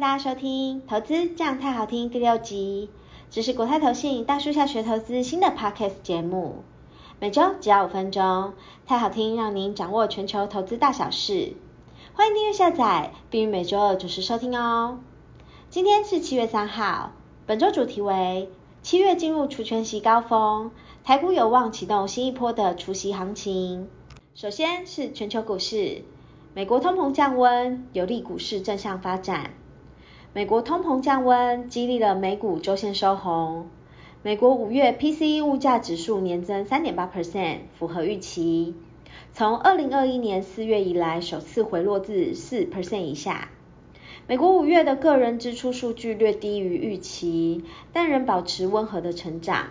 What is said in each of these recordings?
大家收聽《投資這樣太好聽》第六集，這是國泰投信大樹下學投資新的 podcast 節目，每周只要五分鐘，太好聽，讓您掌握全球投資大小事。歡迎訂閱下載，並於每周二準時收聽哦。今天是七月三號，本周主題為七月進入除權息高峰，台股有望啟動新一波的除息行情。首先是全球股市，美國通膨降溫，有利股市正向發展。美國通膨降溫，激勵了美股週線收紅。美國五月 PCE 物價指數年增3.8%，符合預期，從2021年四月以來首次回落至4%以下。美國五月的個人支出數據略低於預期，但仍保持溫和的成長。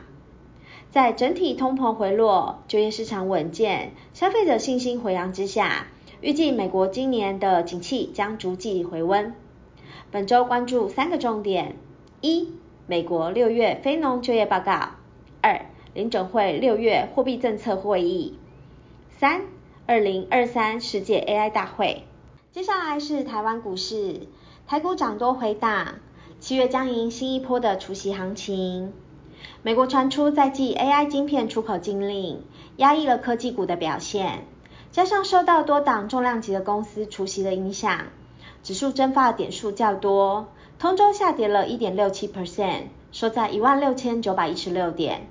在整體通膨回落、就業市場穩健、消費者信心回揚之下，預計美國今年的景氣將逐季回溫。本週關注三個重點：一、美國六月非農就業報告；二、聯準會六月貨幣政策會議；三、二零二三世界 AI 大會。接下來是台灣股市，台股漲多回檔，七月將迎新一波的除息行情。美國傳出再祭 AI 晶片出口禁令，壓抑了科技股的表現，加上受到多檔重量級的公司除息的影響。指數蒸發點數較多，通週下跌了一點六七 percent，收在一萬六千九百一十六點，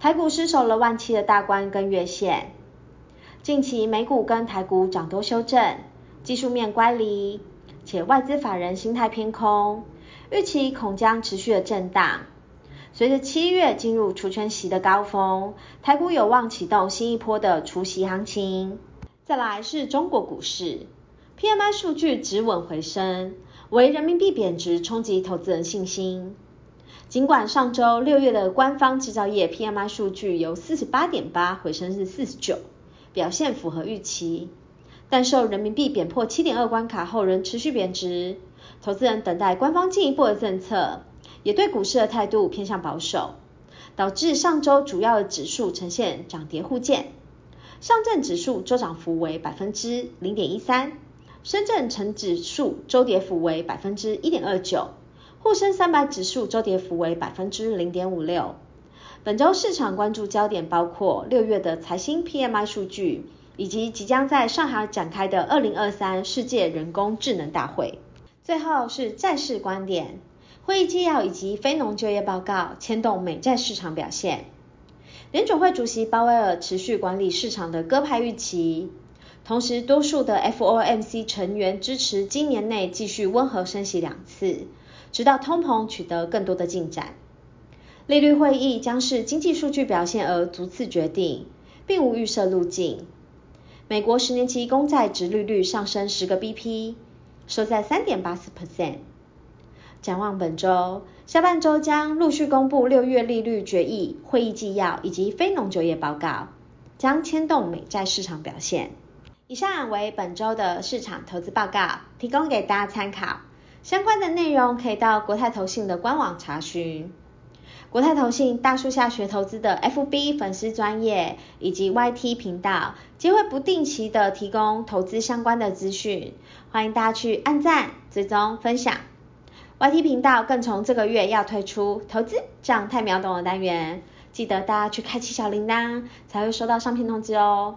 台股失守了萬七的大關跟月線。近期美股跟台股漲多修正，技術面乖離，且外資法人心態偏空，預期恐將持續的震盪。隨着七月進入除權息的高峰，台股有望啟動新一波的除息行情。再來是中國股市。PMI 數據止穩回升，惟人民幣貶值衝擊投資人信心。儘管上周六月的官方製造業 PMI 數據由四十八點八回升至四十九，表現符合預期，但受人民幣貶破七點二關卡後仍持續貶值，投資人等待官方進一步的政策，也對股市的態度偏向保守，導致上周主要的指數呈現漲跌互見。上證指數周漲幅為百分之零點一三。深圳成指數周跌幅為百分之一點二九，滬深三百指數周跌幅為百分之零點五六。本周市場關注焦點包括六月的財新 PMI 數據，以及即將在上海展開的二零二三世界人工智能大會。最後是債市觀點，會議紀要以及非農就業報告牽動美債市場表現。聯準會主席鮑威爾持續管理市場的鴿派預期。同時，多數的 FOMC 成員支持今年內繼續溫和升息兩次，直到通膨取得更多的進展。利率會議將視經濟數據表現而逐次決定，並無預設路徑。美國十年期公債殖利率上升十個 BP，收在三點八四 percent。展望本周，下半周將陸續公布六月利率決議、會議紀要以及非農就業報告，將牽動美債市場表現。以上為本周的市場投資報告，提供給大家參考。相關的內容可以到國泰投信的官網查詢。國泰投信大樹下學投資的 FB 粉絲專頁以及 YT 頻道，皆會不定期的提供投資相關的資訊，歡迎大家去按讚、追蹤、分享。YT 頻道更從這個月要推出投資這樣泰秒懂的單元，記得大家去開啟小鈴鐺，才會收到商品通知哦。